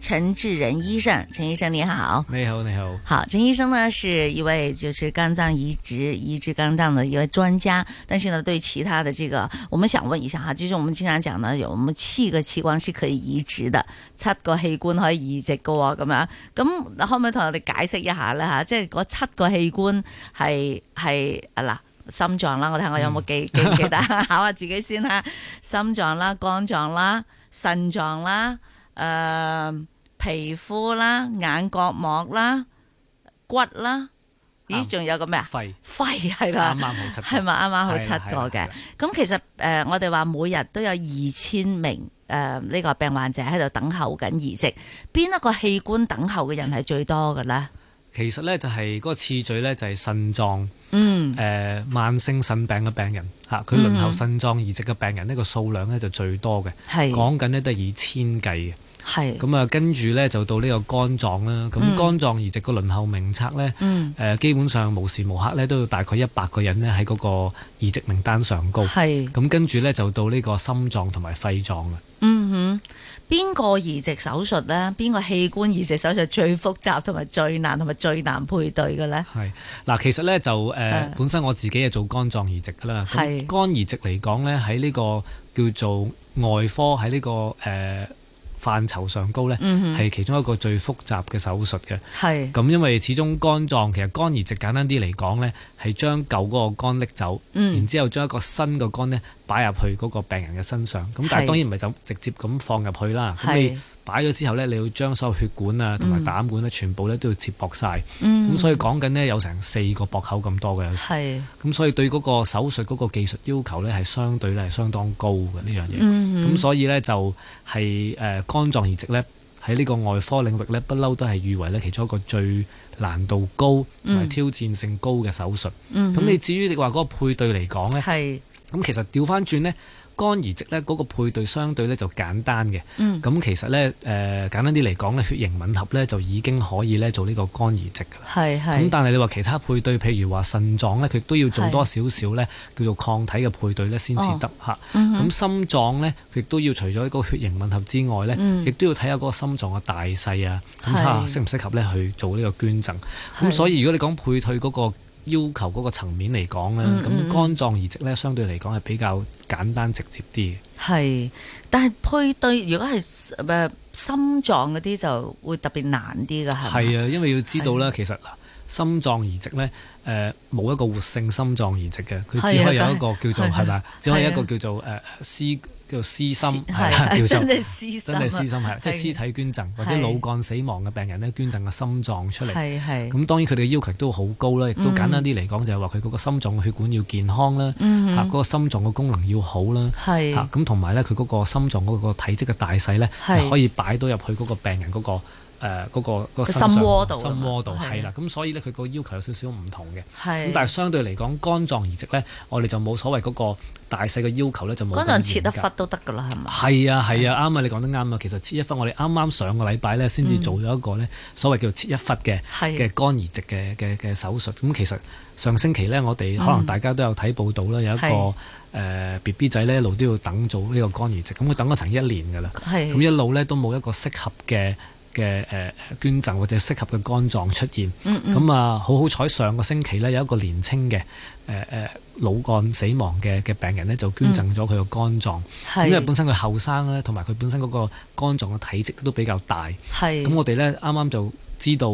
陳智仁醫生，陳醫生你好，你好，你好你好，好，陳醫生呢是一位就是肝臟移植移植肝臟嘅一位專家，但是呢對其他的這個，我們想問一下哈，就是我們經常講呢有，我們七個器官是可以移植的，七個器官可以移植㗎，咁樣，咁可唔可以同我哋解釋一下呢？吓？即係嗰七個器官係，係嗱，心臟啦，我睇下我有冇記、嗯、記唔記得，考下、 啊、自己先啦，心臟啦、肝臟啦、腎臟啦，誒、呃。皮膚啦、眼角膜啦、骨啦，咦？仲有個咩啊？肺肺係啦，啱啱好出，係咪啱啱好七過嘅？咁其實誒、呃，我哋話每日都有二千名誒呢、呃這個病患者喺度等候緊移植，邊一個器官等候嘅人係最多嘅咧？其實咧就係、是、嗰個次序咧，就係腎臟，嗯，誒、呃，慢性腎病嘅病人吓，佢、啊、輪候腎臟移植嘅病人、這個、數呢個數量咧就最多嘅，係講緊咧都以千計嘅。係咁啊，跟住咧就到呢個肝臟啦。咁、嗯、肝臟移植個輪候名冊咧，誒、嗯，基本上無時無刻咧都要大概一百個人咧喺嗰個移植名單上高。係咁，跟住咧就到呢個心臟同埋肺臟啦。嗯哼，邊個移植手術咧？邊個器官移植手術最複雜同埋最難，同埋最難配對嘅咧？係嗱，其實咧就誒，呃、是本身我自己係做肝臟移植㗎喇。係是肝移植嚟講咧，喺呢個叫做外科喺呢、這個誒。呃範疇上高呢係其中一個最複雜嘅手術嘅。係咁、嗯哼，因為始終肝臟其實肝移植簡單啲嚟講呢，係將舊嗰個肝拎走，嗯、然之後將一個新嘅肝呢擺入去嗰個病人嘅身上。咁但係當然唔係就直接咁放入去啦。是擺咗之後呢，你要將所有血管啊同埋膽管咧，全部咧都要接駁晒。咁、嗯、所以講緊呢，有成四個駁口咁多嘅。係。咁所以對嗰個手術嗰個技術要求呢係相對咧係相當高嘅呢樣嘢。咁、嗯、哼所以呢就係誒肝臟移植呢。喺呢個外科領域呢，不嬲都係譽為呢其中一個最難度高同埋挑戰性高嘅手術。咁你、嗯、哼至於你話嗰個配對嚟講呢？係是。咁其實調返轉呢。肝移植咧嗰個配對相對咧就簡單嘅，咁、嗯、其實咧誒、呃、簡單啲嚟講咧，血型吻合咧就已經可以咧做呢個肝移植㗎喇，咁但係你話其他配對，譬如話腎臟咧，佢都要做多少少咧叫做抗體嘅配對咧先至得嚇，咁、哦嗯、心臟咧亦都要除咗個血型吻合之外咧，亦都、嗯、要睇下嗰個心臟嘅大細啊，咁睇下適唔適合咧去做呢個捐贈，咁是所以如果你講配對嗰、那個。要求嗰個層面嚟講咧，咁、嗯嗯、肝臟移植咧相對嚟講係比較簡單直接啲。係，但係配對如果係誒、呃、心臟嗰啲就會特別難啲㗎，係咪？係啊，因為要知道咧，是的 其實心臟移植咧，誒、呃、冇一個活性心臟移植嘅，佢只可以有一個叫做係咪的的？只可以一個叫做誒屍。叫做屍心，係啊，叫做真係屍心真心係，即係屍體捐贈或者腦幹死亡嘅病人咧，捐贈個心臟出嚟。係咁當然佢哋嘅要求都好高啦，亦都簡單啲嚟講就係話佢嗰個心臟嘅血管要健康啦，嚇嗰個心臟嘅功能要好啦，嚇咁同埋咧佢嗰個心臟嗰個體積嘅大細咧係可以擺到入去嗰個病人嗰個。誒嗰個個心窩度，心窩度係啦，咁所以咧，佢個要求有少少唔同嘅，咁，但係相對嚟講，肝臟移植咧，我哋就冇所謂嗰個大細個要求咧，就冇可能切一忽都得㗎啦，係嘛？係啊，係啊，啱啊！你講得啱啊。其實切一忽，我哋啱啱上個禮拜咧先至做咗一個咧所謂叫做切一忽嘅嘅肝移植嘅嘅嘅手術。咁其實上星期咧，我哋可能大家都有睇報道啦，有一個誒 B B 仔咧一路都要等做呢個肝移植，咁佢等咗成一年㗎啦，咁一路咧都冇一個適合嘅。嘅誒捐贈或者適合嘅肝臟出現，咁啊好好彩上個星期呢，有一個年青嘅誒誒腦幹死亡嘅嘅病人呢，就捐贈咗佢個肝臟，嗯、因為本身佢後生咧同埋佢本身嗰個肝臟嘅體積都比較大，咁是我哋呢，啱啱就知道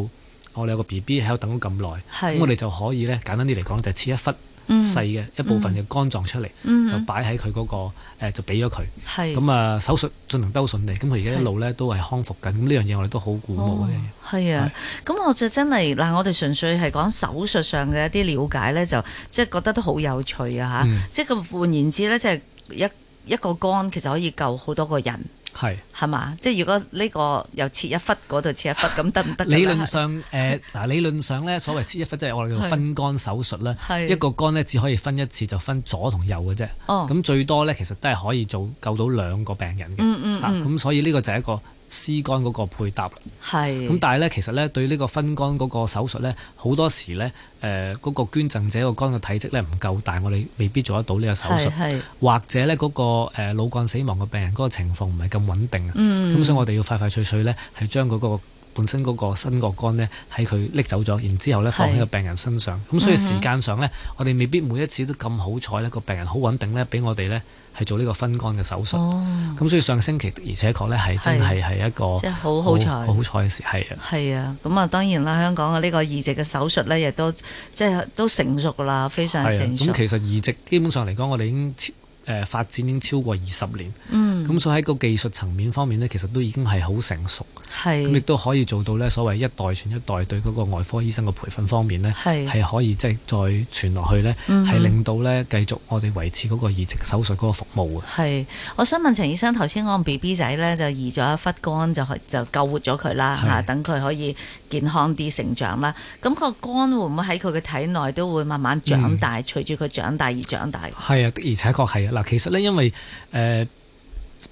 我哋有個 B B 喺度等咗咁耐，咁是我哋就可以呢，簡單啲嚟講就切一忽。細嘅、嗯、一部分嘅肝臟出嚟，嗯，嗰個呃，就擺喺佢嗰個誒，就俾咗佢。係咁是、哦、啊，手術進行得好順利，咁佢而家一路咧都係康復緊。咁呢樣嘢我哋都好鼓舞嘅。係啊，咁我就真係嗱，我哋純粹係講手術上嘅一啲了解咧，就即係覺得都好有趣啊吓！即係咁換言之咧，即係一一個肝其實可以救好多個人。係，係嘛？即係如果呢個又切一忽嗰度切一忽，咁得唔得？理論上，誒、呃、嗱，理論上咧，所謂切一忽即係我哋叫分肝手術啦。係一個肝咧，只可以分一次，就分左同右嘅啫。哦，咁最多咧，其實都係可以做救到兩個病人嘅。嗯，嗯嗯，嚇、啊，咁所以呢個就係一個。屍肝嗰個配搭，咁是但係咧，其實咧對呢個分肝嗰個手術咧，好多時咧，誒嗰個捐贈者個肝嘅體積咧唔夠大，我哋未必做得到呢個手術，或者咧嗰個誒腦幹死亡嘅病人嗰個情況唔係咁穩定，咁、嗯、所以我哋要快快脆脆咧係將嗰個。本身嗰個新嘅肝呢，喺佢拎走咗，然之後呢放喺個病人身上，咁是所以時間上呢，嗯、哼我哋未必每一次都咁好彩呢個病人好穩定呢，俾我哋呢係做呢個分肝嘅手術。咁、哦、所以上星期而且確呢係是真係係一個好即係好好彩好彩嘅事係啊，係啊，咁啊當然啦，香港嘅呢個移植嘅手術呢，亦都即係都成熟啦，非常成熟。咁、啊、其實移植基本上嚟講，我哋已經。誒、呃、發展已經超過二十年，咁、嗯、所以喺個技術層面方面呢，其實都已經係好成熟，咁亦都可以做到呢所謂一代傳一代，對嗰個外科醫生嘅培訓方面呢，係是可以即係再傳落去呢，係、嗯、哼令到呢繼續我哋維持嗰個移植手術嗰個服務嘅。我想問陳醫生，頭先我 B B 仔呢，就移咗一忽肝就就救活咗佢啦嚇是、啊，等佢可以健康啲成長啦。咁個肝會唔會喺佢嘅體內都會慢慢長大，嗯、隨住佢長大而長大？係啊，的而且確係啊。嗱，其實咧，因為誒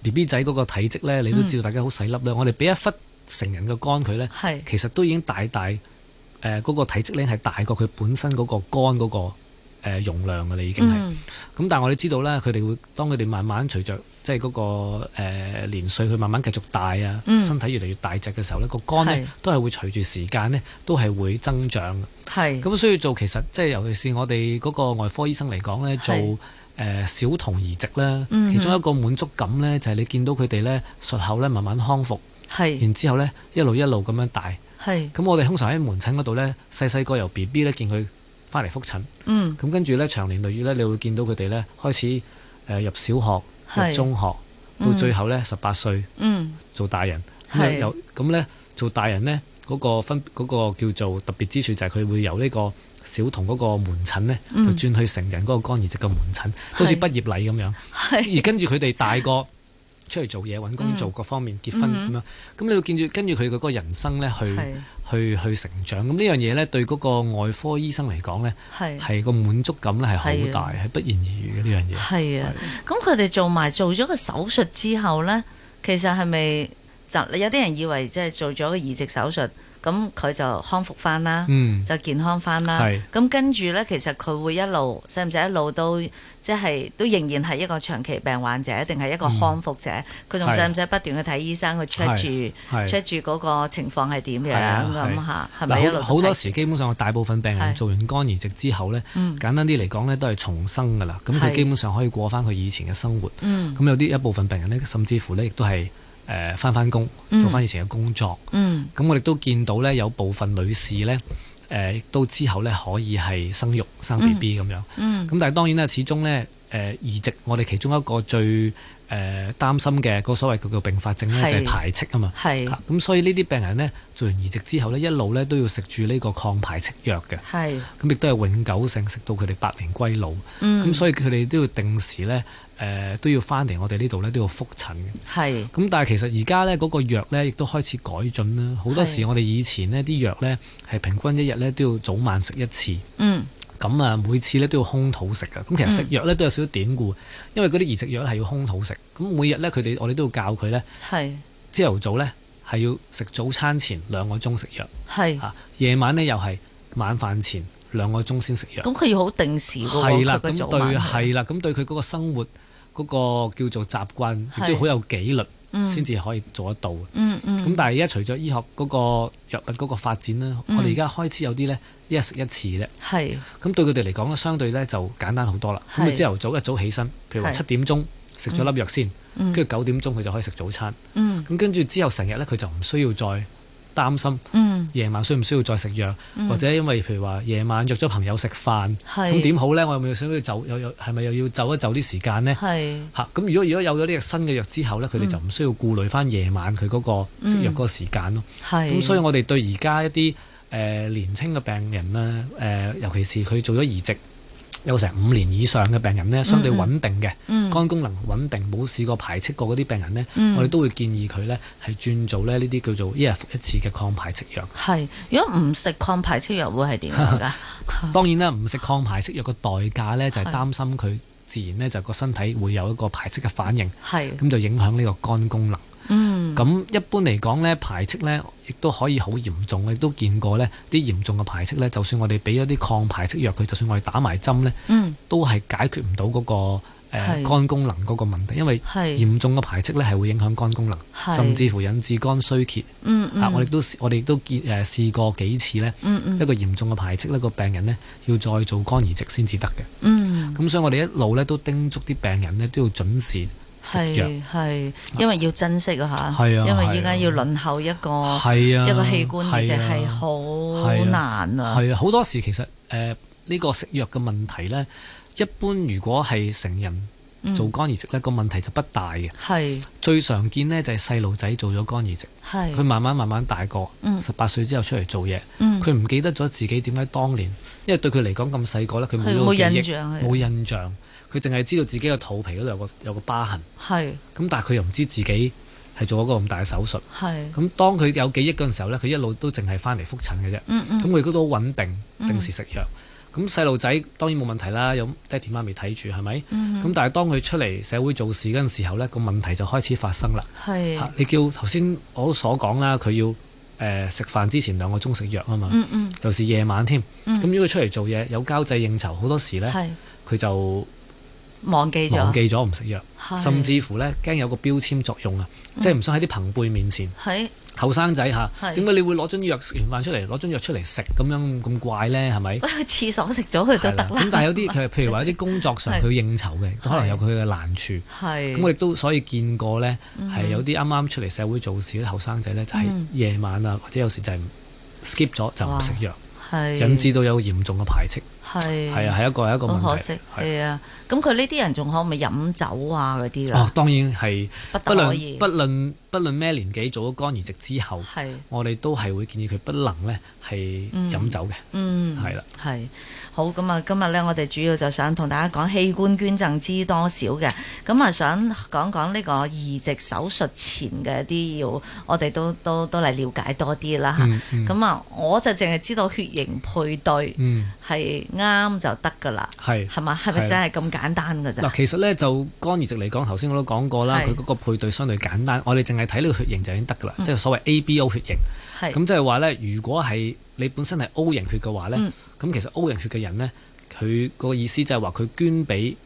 B B 仔嗰個體積咧，你都知道，大家好細粒咧。嗯、我哋俾一忽成人嘅肝佢咧，是其實都已經大大誒嗰、呃嗰個體積咧，係大過佢本身嗰個肝嗰個容量噶啦，已經係。咁但係我哋知道咧，佢哋會當佢哋慢慢隨着，即係嗰、嗰個年、呃、歲，佢慢慢繼續大啊，嗯、身體越嚟越大隻嘅時候咧，個肝咧是都係會隨住時間咧都係會增長。係咁是所以做，其實即係尤其是我哋嗰個外科醫生嚟講咧，做。誒、呃、小童移植啦，嗯、哼其中一個滿足感呢，就係你見到佢哋呢，術後呢慢慢康復，是然之後呢一路一路咁樣大，係是。咁我哋通常喺門診嗰度呢，細細個由 B B 呢見佢翻嚟覆診，嗯。咁跟住呢，長年累月呢，你會見到佢哋呢開始誒入小學、入中學，嗯、到最後呢，十八歲，嗯，做大人，咁呢做大人呢，嗰個分嗰個叫做特別之處就係佢會由呢、這個。小童嗰個門診呢，就轉去成人嗰個肝移植嘅門診，嗯、就好似畢業禮咁樣。是而跟住佢哋大個出去做嘢、揾是工做各方面、嗯、結婚咁樣，咁、嗯、你會見住跟住佢嘅嗰個人生呢，去去是去成長。咁呢樣嘢呢，對嗰個外科醫生嚟講呢，係是個滿足感呢係好大，係的不言而喻嘅呢樣嘢。係啊的，咁佢哋做埋做咗個手術之後呢，其實係咪？有啲人以為即係做咗個移植手術。咁佢就康復翻啦，嗯、就健康翻啦。咁跟住咧，其實佢會一路，使唔使一路都即係都仍然係一個長期病患者，定係一個康復者？佢仲使唔使不斷去睇醫生去 check 住 check 住嗰個情況係點樣咁吓？係咪、啊？好、啊、多時基本上大部分病人做完肝移植之後咧，是簡單啲嚟講咧都係重生㗎啦。咁佢是基本上可以過翻佢以前嘅生活。咁、嗯、有啲一部分病人咧，甚至乎咧亦都係。誒返返工，做返以前嘅工作。咁、嗯、我哋都見到咧，有部分女士咧，亦、呃、都之後咧可以係生育生 B B 咁樣。咁、嗯嗯、但係當然啦，始終咧誒、呃、移植，我哋其中一個最誒、呃、擔心嘅嗰所謂佢嘅併發症咧，是就係排斥啊嘛。係咁是、啊，所以呢啲病人咧做完移植之後咧，一路咧都要食住呢個抗排斥藥嘅。係咁是，亦都係永久性食到佢哋百年歸老。咁、嗯、所以佢哋都要定時咧。誒都要翻嚟我哋呢度咧，都要復診嘅。咁是但係其實而家咧嗰個藥咧，亦都開始改進啦。好多時我哋以前呢啲藥咧係平均一日咧都要早晚食一次。嗯。咁啊，每次咧都要空肚食嘅。咁其實食藥咧都有少少典故，嗯、因為嗰啲移植藥係要空肚食。咁每日咧佢哋我哋都要教佢咧。係是。朝頭早咧係要食早餐前兩個鐘食藥。是啊，夜晚咧又係晚飯前兩個鐘先食藥。咁佢要好定時㗎喎。係啦的，咁對啦，咁對佢嗰個生活。嗰個叫做習慣亦都好有紀律，先至、嗯、可以做得到。嗯嗯。咁、嗯、但係而家除咗醫學嗰個藥物嗰個發展咧，嗯、我哋而家開始有啲咧，一日食一次啫。係是。咁對佢哋嚟講咧，相對咧就簡單好多啦。咁佢朝頭早一早起身，譬如話七點鐘食咗是粒藥先，跟住、嗯、九點鐘佢就可以食早餐。嗯。咁跟住之後成日咧，佢就唔需要再擔心夜晚需唔需要再食藥，嗯嗯、或者因為譬如話夜晚約咗朋友食飯，咁點好咧？我有冇要想要走又又係咪又要走一走啲時間咧？嚇是！咁如果如果有咗呢個新嘅藥之後咧，佢哋、嗯、就唔需要顧慮翻夜晚佢嗰個食藥嗰個時間咯。咁、嗯、所以我哋對而家一啲誒、呃、年輕嘅病人咧，誒、呃、尤其是佢做咗移植。有成五年以上嘅病人呢，相對穩定嘅、嗯嗯、肝功能穩定，冇試過排斥過嗰啲病人呢，嗯、我哋都會建議佢呢係轉做咧呢啲叫做一日服一次嘅抗排斥藥。係，如果唔食抗排斥藥會係點樣㗎？ 當然啦，唔食抗排斥藥嘅代價呢，就係擔心佢自然呢就個身體會有一個排斥嘅反應，咁是就影響呢個肝功能。嗯，咁一般嚟講咧，排斥咧，亦都可以好嚴重，亦都見過咧啲嚴重嘅排斥咧，就算我哋俾咗啲抗排斥藥佢，就算我哋打埋針咧，嗯、都係解決唔到嗰個是、呃、肝功能嗰個問題，因為嚴重嘅排斥咧係會影響肝功能，是甚至乎引致肝衰竭。嗯嗯啊、我哋都我哋都見誒試、呃、過幾次咧、嗯嗯，一個嚴重嘅排斥呢個病人咧要再做肝移植先至得嘅。咁、嗯、所以我哋一路咧都叮囑啲病人呢都要準時。係，係，因為要珍惜下是啊吓，因為依家要輪候一個是、啊、一個器官移植係好難的是啊。係啊，好、啊啊啊、多時其實誒呢、呃這個食藥嘅問題咧，一般如果係成人做肝移植咧，個、嗯、問題就不大嘅。係是最常見呢就係細路仔做咗肝移植，佢是慢慢慢慢大個，十八、嗯、歲之後出嚟做嘢，佢唔、嗯、記得咗自己點解當年，因為對佢嚟講咁細個咧，佢冇印象，冇印象。佢淨係知道自己個肚皮嗰度有個有個疤痕，咁是但係佢又唔知自己係做咗個咁大嘅手術，咁是當佢有記憶嗰陣時候咧，佢一路都淨係翻嚟覆診嘅啫，咁佢都都好穩定，定時食藥。咁細路仔當然冇問題啦，有爹哋媽咪睇住係咪？咁、嗯嗯、但係當佢出嚟社會做事嗰陣時候咧，個問題就開始發生啦是、啊。你叫頭先我所講啦，佢要食、呃、飯之前兩個鐘食藥啊嘛，又、嗯嗯、是夜晚添。咁、嗯、如果出嚟做嘢有交際應酬，好多時咧佢是就。忘記咗，忘記咗唔食藥，甚至乎咧驚有個標籤作用啊，即係唔想喺啲朋輩面前，後生仔吓，點解你會攞樽藥食完飯出嚟，攞樽藥出嚟食咁樣咁怪咧？係咪？去廁所食咗佢就得啦。咁但係有啲譬如話有啲工作上佢應酬嘅，都可能有佢嘅難處。係咁我亦都所以見過咧，係有啲啱啱出嚟社會做事啲後生仔咧，就係夜晚啊，或者有時就係 skip 咗就唔食藥，引致到有嚴重嘅排斥。係係啊，係是一個係一個問題。好可惜係啊，咁佢呢啲人仲可唔可以飲酒啊？嗰啲啦？哦，當然係，不可以，不論，不論咩年紀做咗肝移植之後，係是我哋都係會建議佢不能呢係飲酒嘅，嗯。嗯，係啦，係好咁啊！今日呢，我哋主要就想同大家講器官捐贈知多少嘅，咁啊，想講講呢個移植手術前嘅一啲要，我哋都都都嚟了解多啲啦嚇。咁啊，嗯，嗯，咁我就淨係知道血型配對係、嗯。係啱就得噶啦，係是，係嘛，係咪真係咁簡單噶啫？嗱，其實咧就肝移植嚟講，頭先我都講過啦，佢嗰的個配對相對簡單，我哋淨係睇呢個血型就已經得噶啦，的即係所謂 A、B、O 血型。係的，咁即係話咧，如果係你本身係 O 型血嘅話咧，咁的其實 O 型血嘅人咧，佢個意思就係話佢捐俾。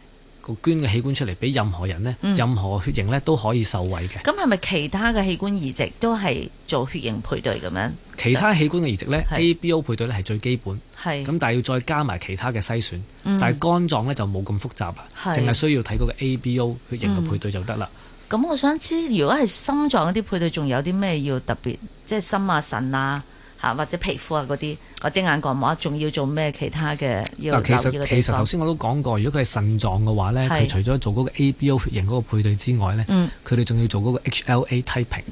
個捐嘅器官出嚟俾任何人呢，任何血型呢都可以受惠嘅。咁係咪其他嘅器官移植都係做血型配對咁樣？其他器官嘅移植呢是 A B O 配對呢係最基本，咁是但係要再加埋其他嘅篩選。嗯、但係肝臟呢就冇咁複雜，淨係是需要睇嗰個 A B O 血型嘅配對就得啦。咁、嗯、我想知道，如果係心臟嗰啲配對，仲有啲咩要特別？即係心啊、腎啊。嚇、或者皮膚啊、嗰啲或者眼角膜，仲要做咩其他嘅？要的。其實其實頭先我都講過，如果佢係腎臟嘅話咧，佢是除咗做嗰個 A、B、O 血型嗰個配對之外咧，佢哋仲要做嗰個 HLA typing。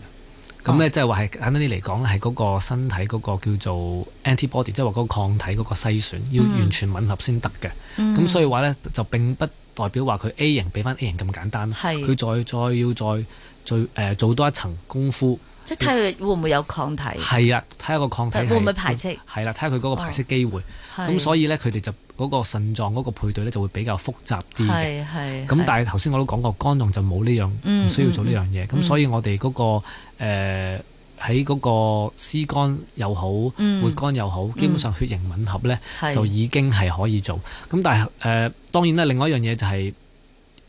哦。咁咧，即係話係簡單啲嚟講咧，係嗰個身體嗰個叫做 antibody，即係話嗰個抗體嗰個篩選，嗯、要完全吻合先得嘅。咁、嗯、所以話咧，就並不代表話佢 A 型俾翻 A 型咁簡單，佢是再再要再做誒、呃、做多一層功夫。即係睇佢會唔會有抗體，係啊、嗯，睇下個抗體會唔會排斥，係啦，睇下佢嗰個排斥機會。咁、嗯、所以呢，佢哋就嗰個腎臟嗰個配對呢就會比較複雜啲嘅。係係。咁但係頭先我都講過，肝臟就冇呢樣，唔需要做呢樣嘢。咁、嗯嗯、所以我哋嗰、嗰個誒喺嗰個屍肝又好，活肝又好，嗯、基本上血型吻合咧，就已經係可以做。咁是但係誒、呃，當然呢，另外一樣嘢就係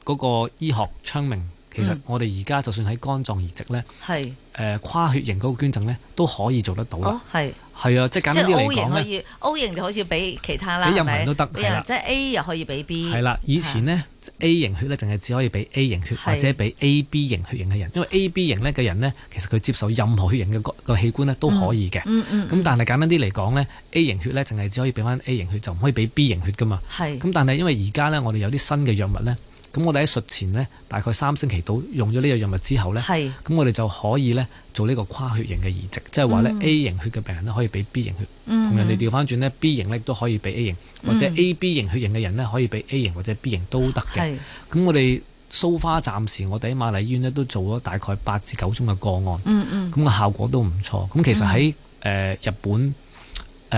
嗰個醫學昌明。其實我哋而家就算喺肝臟移植咧，係誒跨血型嗰個捐贈咧都可以做得到。係係啊，即係簡單啲嚟講呢，可以，O 型就好似俾其他啦，係俾任何人都得，即係 A 又可以俾 B。係啦，以前呢 A 型血咧，淨係只可以俾 A 型血或者俾 A B 型血型嘅人，因為 A B 型咧嘅人呢，其實佢接受任何血型嘅個器官呢都可以嘅。咁但係簡單啲嚟講呢 A 型血咧，淨係只可以俾翻 A 型血，就唔可以俾 B 型血噶嘛。咁但係因為而家呢，我哋有啲新嘅藥物呢。咁我哋喺術前呢，大概三星期到用咗呢個藥物之後呢，咁是我哋就可以呢，做呢個跨血型嘅移植，即係話呢、嗯、A 型血嘅病人呢，可以俾 B 型血，嗯、同人哋調翻轉呢 B 型呢，亦都可以俾 A 型，嗯、或者 AB 型血型嘅人呢，可以俾 A 型或者 B 型都得嘅。咁是我哋 so far 暫時我哋喺瑪麗醫院呢，都做咗大概八至九宗嘅個案，咁個、嗯嗯、效果都唔錯。咁其實喺誒、嗯呃、日本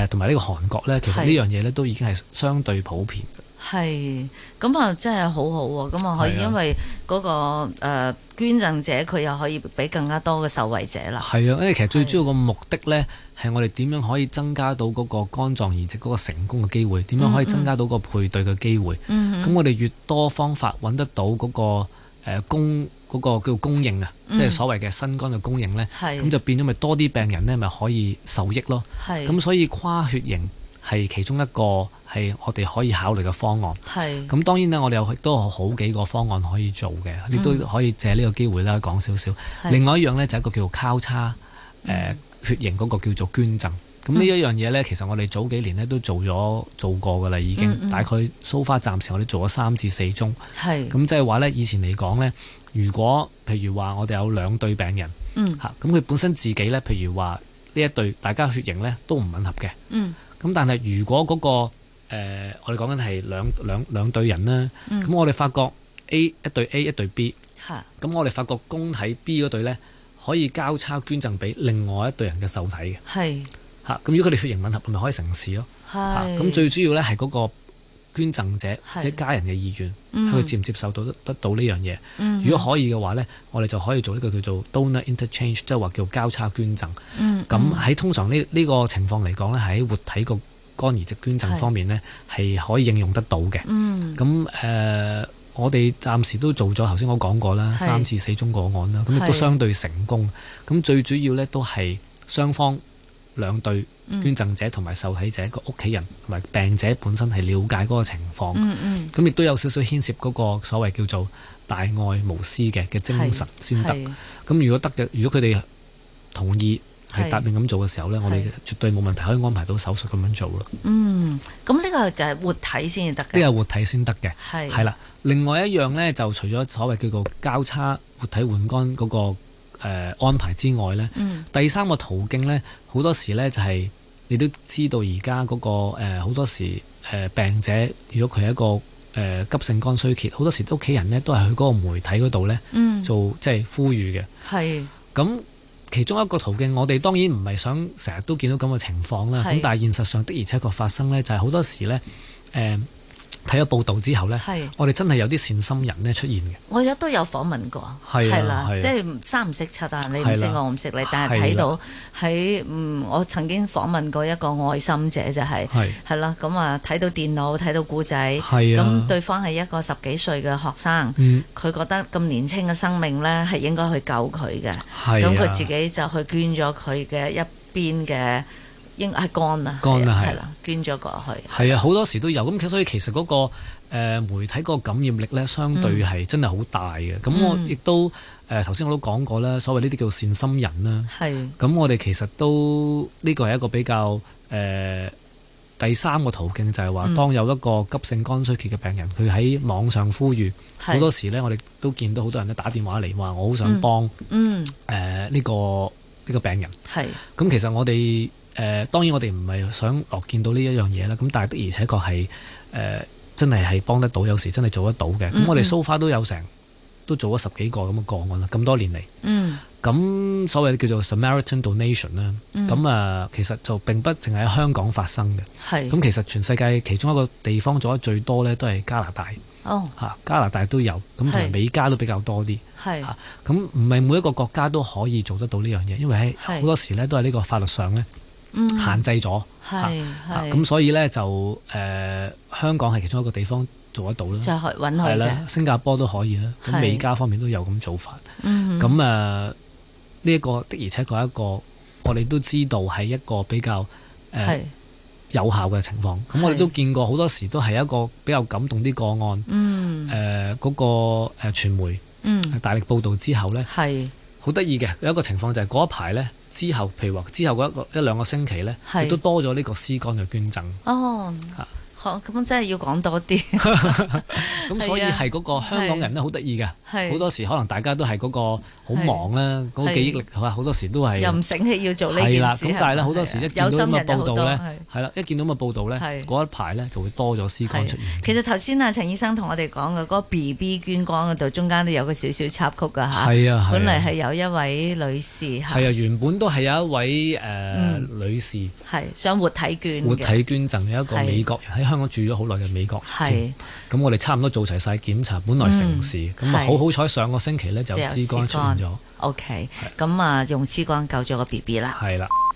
誒同埋呢個韓國呢，其實呢樣嘢呢，都已經係相對普遍。係，咁啊真係好好喎，咁啊可以因為嗰、嗰個是啊是啊捐贈者佢又可以俾更加多嘅受惠者啦。係啊，因為其實最主要個目的呢，係是我哋點樣可以增加到嗰個肝臟移植嗰個成功嘅機會，點樣可以增加到個配對嘅機會。嗯咁、嗯嗯、我哋越多方法揾得到嗰個供、啊、嗰、嗰個叫供應啊，即係所謂嘅新肝嘅供應呢。係是。咁就變咗咪多啲病人呢咪可以受益咯。係是。咁所以跨血型。係其中一個係我哋可以考慮嘅方案。係咁是，當然咧，我哋有都好幾個方案可以做嘅。亦都、嗯、可以借呢個機會啦講少少。是另外一樣咧，就係一個叫做交叉誒、嗯、血型嗰個叫做捐贈。咁呢、嗯、一樣嘢咧，其實我哋早幾年咧都做咗做過㗎喇，已經、嗯、大概 so far 暫時我哋做咗三至四宗。係，咁即係話咧，以前嚟講咧，如果譬如話我哋有兩對病人，嗯嚇，咁佢本身自己咧，譬如話呢一對大家血型咧都唔吻合嘅，嗯。咁但係如果嗰個，誒我哋講緊係兩兩兩對人咧，咁我哋發覺 A 一對 A 一對 B，咁我哋發覺供體 B 嗰對咧可以交叉捐贈俾另外一對人嘅受體嘅，嚇咁如果佢哋血型吻合，咪可以成事咯。咁最主要咧係嗰個。捐贈者即係家人嘅意願，佢接唔接受到得到呢樣嘢？嗯、如果可以嘅話呢，我哋就可以做一個叫做 donor interchange，即係話叫交叉捐贈。咁喺、嗯嗯、通常呢呢、呢個情況嚟講呢，喺活體個肝移植捐贈方面呢係是可以應用得到嘅。咁、嗯呃、我哋暫時都做咗，頭先我講過啦，三至四宗個案啦，咁亦是都相對成功。咁是最主要呢都係雙方。兩對捐贈者同埋受體者一個屋企人同埋、嗯、病者本身係了解嗰個情況，咁亦、嗯嗯、都有少少牽涉嗰個所謂叫做大愛無私嘅嘅精神先得。咁如果得嘅，如果佢哋同意係答應咁做嘅時候咧，我哋絕對冇問題可以安排到手術咁樣做咯。嗯，咁呢個就係活體先得嘅。呢個活體先得嘅，係係啦。另外一樣咧，就除咗所謂叫做交叉活體換肝嗰個，呃、安排之外呢，嗯、第三個途徑呢，好多時呢、就是，就係你都知道、那個，而家嗰個好多時、呃、病者，如果佢係一個、呃、急性肝衰竭，好多時屋企人呢都係去嗰個媒體嗰度呢做即係、嗯就是、呼籲嘅。咁是，其中一個途徑，我哋當然唔係想成日都見到咁嘅情況啦。咁是但係現實上的而且確發生呢，就係、是、好多時呢。呃睇咗報道之後呢，我哋真係有啲善心人呢出現嘅。我而家都有訪問過，係啦，即係三唔識七啊，你唔識我我唔識你，但係睇到喺嗯，我曾經訪問過一個愛心者就係係係啦，咁啊，睇到電腦，睇到故仔，咁對方係一個十幾歲嘅學生，佢覺得咁年輕嘅生命呢，係應該去救佢嘅，咁佢自己就去捐咗佢嘅一邊嘅。應該係肝啦，肝啦係捐咗過去係啊，好多時都有咁，所以其實嗰個媒體嗰個感染力咧，相對係真係好大嘅。咁我亦都誒頭先我都講過啦，所謂呢啲叫善心人啦。係咁，我哋其實都呢個係一個比較誒第三個途徑，就係話當有一個急性肝衰竭嘅病人，佢喺網上呼籲好多時咧，我哋都見到好多人都打電話嚟話，我好想幫嗯誒呢個呢個病人係咁。其實我哋。誒、呃、當然，我哋唔係想樂見到呢一樣嘢啦。咁，但係的而且確係誒、呃、真係係幫得到，有時真係做得到嘅。咁、嗯、我哋 so far 都有成，嗯、都做咗十幾個咁嘅個案啦。咁多年嚟，咁、嗯、所謂叫做 Samaritan Donation 啦、嗯，咁啊，其實就並不淨係喺香港發生嘅。咁是，其實全世界其中一個地方做得最多呢，都係加拿大。哦、加拿大都有咁，同埋美加都比較多啲。咁唔係每一個國家都可以做得到呢樣嘢，因為喺好是多時呢，都係呢個法律上呢限制咗，咁、嗯啊、所以呢，就誒、呃、香港係其中一個地方做得到咧，就係允許啦。新加坡都可以啦，是美加方面都有咁做法。咁誒呢一個的而且確一個，我哋都知道係一個比較誒、呃、是有效嘅情況。咁我哋都見過好多時都係一個比較感動啲個案。誒嗰、呃那個誒傳媒大力報導之後呢，係好得意嘅有一個情況就係、是、嗰一排呢。之後，譬如話之後一個一兩個星期呢，亦都多咗呢個屍肝嘅捐贈。咁真係要講多啲，咁所以係嗰個香港人咧，好得意㗎。好多時可能大家都係嗰個好忙啦，嗰記憶力好多時都係又唔醒起要做呢件事啦。咁但係好多時一見到咁嘅報道呢，係啦，一見到咁嘅報道咧，嗰一排咧就會多咗屍肝出現。其實頭先啊，陳醫生同我哋講嘅嗰個 BB 捐肝嗰度，中間都有個少少插曲㗎。嚇。係啊，本嚟係有一位女士嚇。係啊，原本都係有一位誒女士係想活體捐活體捐贈嘅一個美國人喺香。我住咗好耐嘅美國，係咁是我哋差唔多做齊晒檢查，本來成事，咁啊好好彩上個星期咧就有屍肝出現咗，OK，咁啊是用屍肝救咗個 B B 啦，係啦。